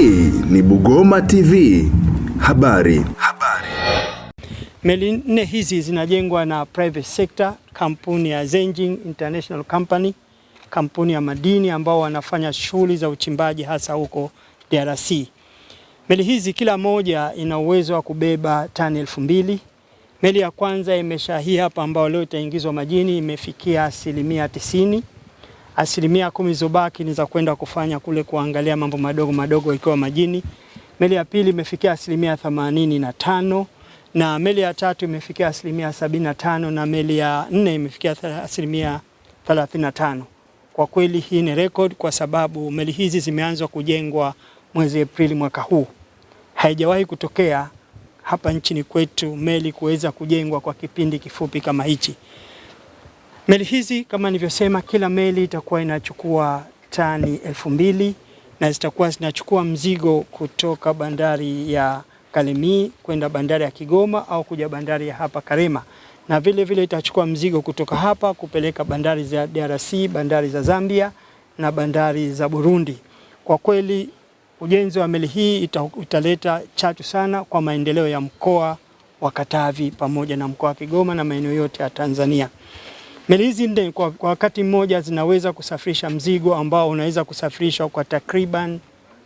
Hii ni Bugoma TV. Habari. Habari. Meli nne hizi zinajengwa na private sector, kampuni ya Zenjing International Company, kampuni ya madini ambao wanafanya shughuli za uchimbaji hasa huko DRC. Meli hizi kila moja ina uwezo wa kubeba tani elfu mbili. Meli ya kwanza imesha hii hapa ambayo leo itaingizwa majini imefikia asilimia tisini asilimia kumi zobaki ni za kwenda kufanya kule kuangalia mambo madogo madogo ikiwa majini. Meli ya pili imefikia asilimia themanini na tano na meli ya tatu imefikia asilimia sabini na tano na meli ya nne imefikia asilimia thelathini na tano. Kwa kweli hii ni rekodi kwa sababu meli hizi zimeanzwa kujengwa mwezi Aprili mwaka huu. Haijawahi kutokea hapa nchini kwetu meli kuweza kujengwa kwa kipindi kifupi kama hichi. Meli hizi kama nilivyosema, kila meli itakuwa inachukua tani elfu mbili na zitakuwa zinachukua mzigo kutoka bandari ya Kalemie kwenda bandari ya Kigoma au kuja bandari ya hapa Karema, na vile vile itachukua mzigo kutoka hapa kupeleka bandari za DRC, bandari za Zambia na bandari za Burundi. Kwa kweli ujenzi wa meli hii ita, italeta chachu sana kwa maendeleo ya mkoa wa Katavi pamoja na mkoa wa Kigoma na maeneo yote ya Tanzania. Meli hizi nne kwa, kwa wakati mmoja zinaweza kusafirisha mzigo ambao unaweza kusafirishwa kwa takriban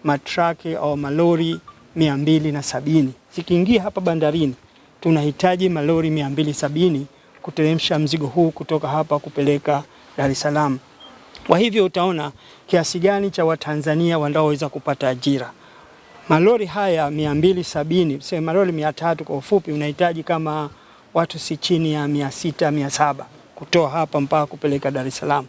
matraki au malori mia mbili na sabini. Zikiingia hapa bandarini tunahitaji malori mia mbili sabini kuteremsha mzigo huu kutoka hapa kupeleka Dar es Salaam. Kwa hivyo utaona kiasi gani cha Watanzania wanaoweza kupata ajira. Malori haya sabini, sema malori 300 kwa ufupi, unahitaji kama watu si chini ya 600, 700 kutoa hapa mpaka kupeleka Dar es Salaam.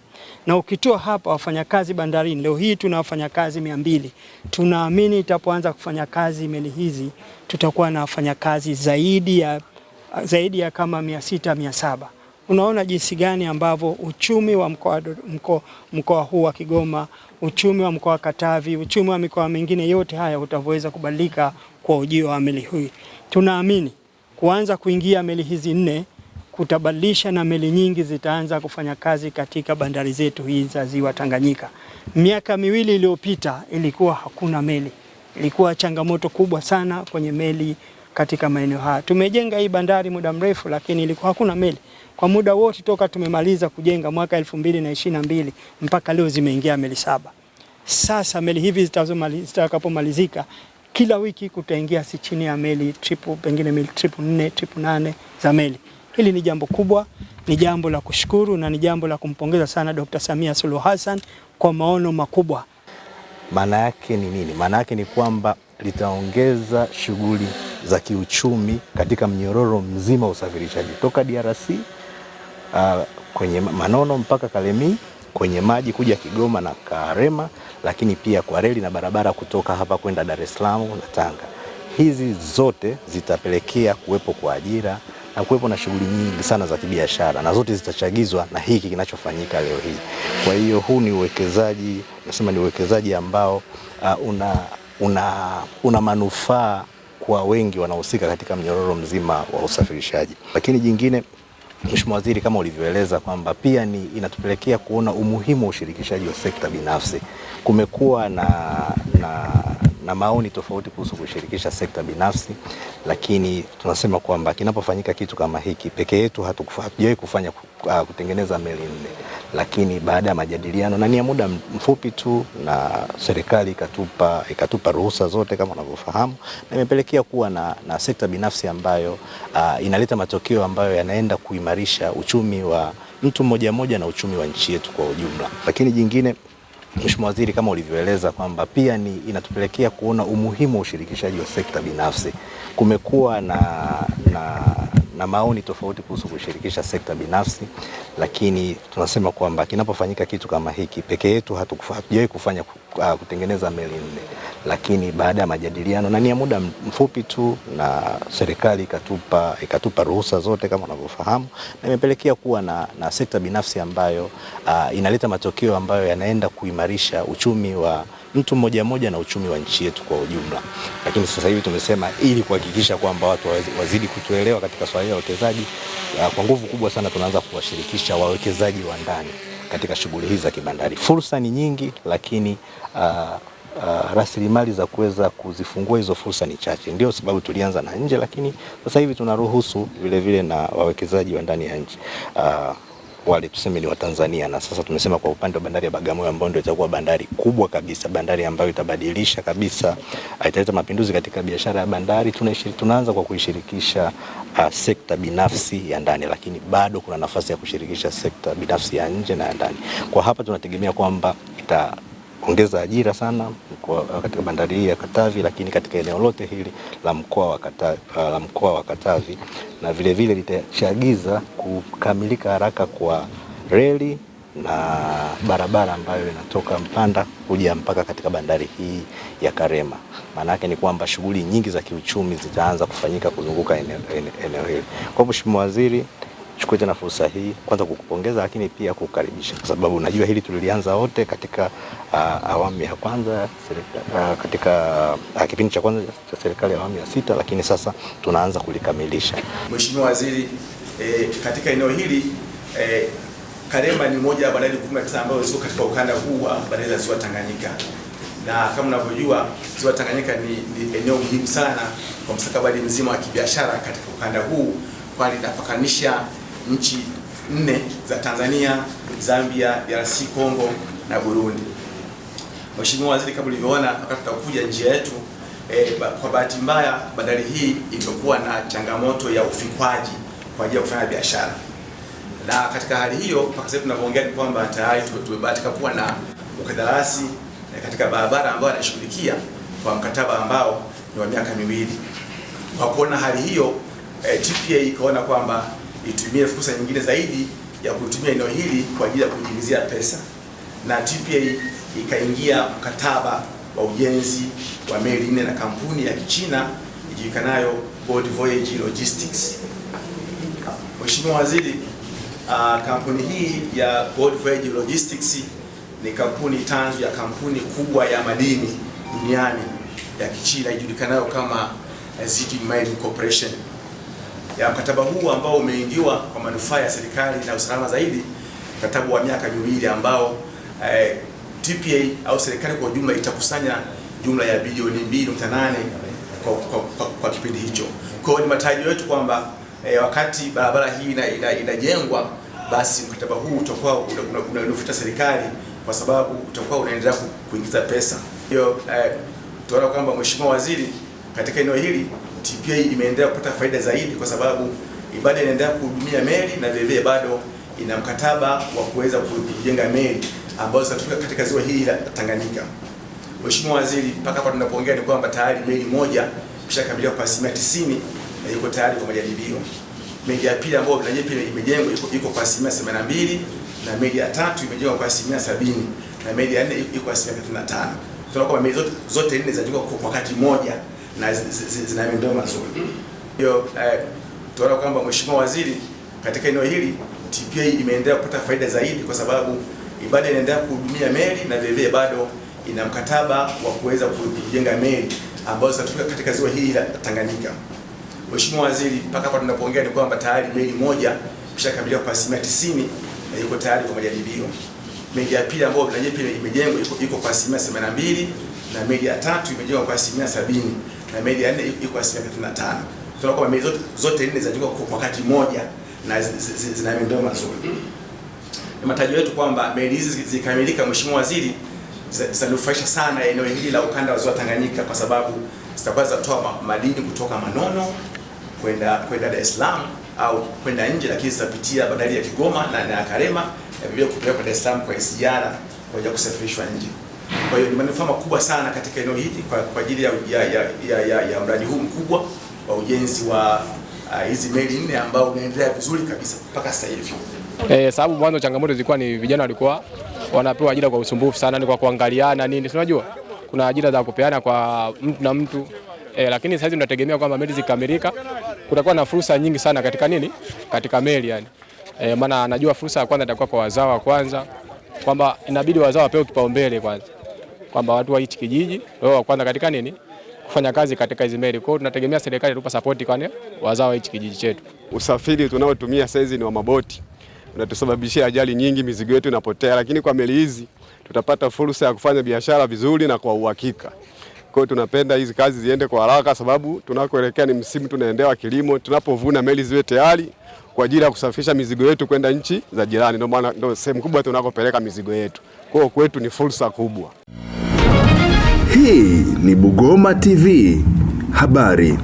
Na ukitoa hapa wafanyakazi bandarini, leo hii tuna wafanyakazi mia mbili. Tunaamini itapoanza kufanya kazi meli hizi tutakuwa na wafanyakazi zaidi ya, zaidi ya kama mia sita mia saba. Unaona jinsi gani ambavyo uchumi wa mkoa, mko, mkoa huu wa Kigoma, uchumi wa mkoa wa Katavi, uchumi wa mikoa mingine yote haya utavyoweza kubadilika kwa ujio wa meli hii. Tunaamini kuanza kuingia meli hizi nne kutabadilisha na meli nyingi zitaanza kufanya kazi katika bandari zetu hizi za Ziwa Tanganyika. Miaka miwili iliyopita ilikuwa hakuna meli, ilikuwa changamoto kubwa sana kwenye meli katika maeneo haya. Tumejenga hii bandari muda mrefu, lakini ilikuwa hakuna meli kwa muda wote toka tumemaliza kujenga mwaka elfu mbili na ishirini na mbili mpaka leo zimeingia meli saba. Sasa meli hivi zitakapomalizika kila wiki kutaingia si chini ya meli tripu, pengine meli tripu nne, tripu nane za meli. Hili ni jambo kubwa, ni jambo la kushukuru na ni jambo la kumpongeza sana Dr. Samia Suluhu Hassan kwa maono makubwa. Maana yake ni nini? Maana yake ni kwamba litaongeza shughuli za kiuchumi katika mnyororo mzima wa usafirishaji toka DRC uh, kwenye Manono mpaka Kalemie kwenye maji kuja Kigoma na Karema, lakini pia kwa reli na barabara kutoka hapa kwenda Dar es Salaam na Tanga. Hizi zote zitapelekea kuwepo kwa ajira na kuwepo na shughuli nyingi sana za kibiashara na zote zitachagizwa na hiki kinachofanyika leo hii. Kwa hiyo huu ni uwekezaji, nasema ni uwekezaji ambao uh, una, una, una manufaa kwa wengi wanaohusika katika mnyororo mzima wa usafirishaji. Lakini jingine Mheshimiwa Waziri, kama ulivyoeleza kwamba pia ni inatupelekea kuona umuhimu wa ushirikishaji wa sekta binafsi. Kumekuwa na, na, na maoni tofauti kuhusu kushirikisha sekta binafsi, lakini tunasema kwamba kinapofanyika kitu kama hiki, peke yetu hatujawahi kufanya ah, kutengeneza meli nne, lakini baada ya majadiliano na ni ya muda mfupi tu, na serikali ikatupa ikatupa ruhusa zote kama unavyofahamu, na imepelekea kuwa na, na sekta binafsi ambayo uh, inaleta matokeo ambayo yanaenda kuimarisha uchumi wa mtu mmoja mmoja na uchumi wa nchi yetu kwa ujumla, lakini jingine Mheshimiwa Waziri, kama ulivyoeleza kwamba pia ni inatupelekea kuona umuhimu wa ushirikishaji wa sekta binafsi. Kumekuwa na, na na maoni tofauti kuhusu kushirikisha sekta binafsi, lakini tunasema kwamba kinapofanyika kitu kama hiki, peke yetu hatujawahi kufanya uh, kutengeneza meli nne, lakini baada ya majadiliano na ni ya muda mfupi tu, na serikali ikatupa, ikatupa ruhusa zote kama unavyofahamu, na imepelekea kuwa na, na sekta binafsi ambayo uh, inaleta matokeo ambayo yanaenda kuimarisha uchumi wa mtu mmoja mmoja na uchumi wa nchi yetu kwa ujumla. Lakini sasa hivi tumesema ili kuhakikisha kwamba watu wazidi kutuelewa katika swala la uwekezaji, uh, kwa nguvu kubwa sana tunaanza kuwashirikisha wawekezaji wa ndani katika shughuli hizi za kibandari. Fursa ni nyingi, lakini uh, Uh, rasilimali za kuweza kuzifungua hizo fursa ni chache. Ndio sababu tulianza na nje, lakini sasa hivi tunaruhusu vilevile na wawekezaji wa ndani ya nchi uh, wale tuseme ni Watanzania, na sasa tumesema kwa upande wa bandari ya Bagamoyo ambayo ndio itakuwa bandari kubwa kabisa, bandari ambayo itabadilisha kabisa, uh, italeta mapinduzi katika biashara ya bandari. Tunaanza kwa kuishirikisha uh, sekta binafsi ya ndani, lakini bado kuna nafasi ya kushirikisha sekta binafsi ya nje na ya ndani. Kwa hapa tunategemea kwamba ita kuongeza ajira sana mkua, katika bandari hii ya Katavi, lakini katika eneo lote hili la mkoa wa Katavi, uh, la mkoa wa Katavi na vilevile litachagiza kukamilika haraka kwa reli na barabara ambayo inatoka Mpanda kuja mpaka katika bandari hii ya Karema. Maana yake ni kwamba shughuli nyingi za kiuchumi zitaanza kufanyika kuzunguka eneo hili. Kwa Mheshimiwa Waziri Chukue tena fursa hii kwanza kukupongeza, lakini pia kukukaribisha kwa sababu najua hili tulilianza wote katika uh, awamu ya kwanza serika, uh, katika uh, kipindi cha kwanza cha serikali ya awamu ya sita, lakini sasa tunaanza kulikamilisha. Mheshimiwa Waziri, eh, katika eneo hili eh, Karema ni moja ya bandari 19 ambayo ziko katika ukanda huu wa bandari za Ziwa Tanganyika na kama mnavyojua Ziwa Tanganyika ni, ni eneo muhimu sana kwa mstakabali mzima wa kibiashara katika ukanda huu kwani linapakanisha nchi nne za Tanzania, Zambia, DRC Congo na Burundi. Mheshimiwa Waziri, kama ulivyoona wakati tutakuja njia yetu e, ba, kwa bahati mbaya bandari hii imekuwa na changamoto ya ufikwaji kwa ajili ya kufanya biashara, na katika hali hiyo mpaka sasa tunavyoongea ni kwamba tayari tumebahatika kuwa na e, katika barabara ambayo anashughulikia kwa mkataba ambao ni wa miaka miwili. Kwa kuona hali hiyo e, eh, TPA ikaona kwamba itumie fursa nyingine zaidi ya kutumia eneo hili kwa ajili ya kujiingizia pesa, na TPA ikaingia mkataba wa ujenzi wa meli nne na kampuni ya Kichina ijulikanayo Board Voyage Logistics. Mheshimiwa Waziri, uh, kampuni hii ya Board Voyage Logistics ni kampuni tanzu ya kampuni kubwa ya madini duniani ya Kichina ijulikanayo kama Zijin Mining Corporation ya mkataba huu ambao umeingiwa kwa manufaa ya serikali na usalama zaidi, mkataba wa miaka miwili ambao eh, TPA au serikali kwa ujumla itakusanya jumla ya bilioni 2.8 kwa, kwa, kwa, kwa kipindi hicho. Kwa hiyo ni matarajio yetu kwamba eh, wakati barabara hii inajengwa ina, ina basi mkataba huu utakuwa unanufaisha serikali kwa sababu utakuwa unaendelea kuingiza pesa hiyo. Eh, tunaona kwamba Mheshimiwa Waziri katika eneo hili TPA imeendelea kupata faida zaidi kwa sababu bado inaendelea kuhudumia meli na vilevile bado ina mkataba wa kuweza kujenga meli ambazo zitatumika katika ziwa hili la Tanganyika. Mheshimiwa Waziri, mpaka hapa tunapoongea ni kwamba tayari meli moja imeshakamilika kwa asilimia tisini na iko tayari kwa majaribio. Meli ya pili ambayo nayo pia imejengwa iko iko kwa asilimia themanini na mbili na meli ya tatu imejengwa kwa asilimia sabini na meli ya nne iko kwa asilimia thelathini na tano. Tunaona kwamba meli zote nne zinajengwa kwa wakati mmoja na zina miendeleo mazuri. Hiyo eh, tunaona kwamba Mheshimiwa Waziri katika eneo hili TPA imeendelea kupata faida zaidi, kwa sababu bado inaendelea kuhudumia meli na vilevile bado ina mkataba wa kuweza kujenga meli ambazo zitafika katika ziwa hili la Tanganyika. Mheshimiwa Waziri, mpaka hapa tunapoongea ni kwamba tayari meli moja imeshakamilika kwa asilimia tisini na iko tayari kwa majaribio. Meli ya pili ambayo pia imejengwa iko kwa asilimia themanini na mbili na meli ya tatu imejengwa kwa asilimia sabini na meli ya nne iko asilimia thelathini na tano. Tunaona kwamba meli zote zote nne zinajengwa kwa wakati mmoja na zina miundo mazuri. Ni matarajio yetu kwamba meli hizi zikamilika, Mheshimiwa Waziri, zitanufaisha sana eneo hili la ukanda wa ziwa Tanganyika kwa sababu zitakuwa zinatoa madini kutoka Manono kwenda kwenda Dar es Salaam au kwenda nje, lakini zitapitia bandari ya Kigoma na na Karema na vile kupeleka kwa Dar es Salaam kwa SGR kwa ajili ya kusafirishwa nje. Kwa hiyo manufaa makubwa sana katika eneo hili kwa ajili ya, ya, ya, ya, ya mradi huu mkubwa wa ujenzi wa uh, hizi uh, meli nne ambao unaendelea vizuri kabisa mpaka sasa hivi. Eh, sababu mwanzo changamoto zilikuwa ni vijana walikuwa wanapewa ajira kwa usumbufu sana, ni kwa kuangaliana nini, unajua kuna ajira za kupeana kwa mtu na mtu eh, lakini sasa hivi tunategemea kwamba meli zikamilika kutakuwa na fursa nyingi sana katika nini, katika meli yani eh, maana anajua fursa ya kwanza itakuwa kwa wazawa kwanza, kwamba inabidi wazawa wapewe kipaumbele kwanza kwamba watu wa hichi kijiji wao kwanza katika nini kufanya kazi katika hizo meli. Kwa hiyo tunategemea serikali tupa support kwa wazao wa hichi kijiji chetu. Usafiri tunaotumia saizi ni wa maboti, unatusababishia ajali nyingi, mizigo yetu inapotea, lakini kwa meli hizi tutapata fursa ya kufanya biashara vizuri na kwa uhakika. Kwa hiyo tunapenda hizi kazi ziende kwa haraka, sababu tunakoelekea ni msimu tunaendewa kilimo, tunapovuna meli ziwe tayari kwa ajili ya kusafirisha mizigo yetu kwenda nchi za jirani. Ndio maana ndio sehemu kubwa tunakopeleka mizigo yetu, kwa hiyo kwetu ni fursa kubwa. Hii ni Bugoma TV. Habari.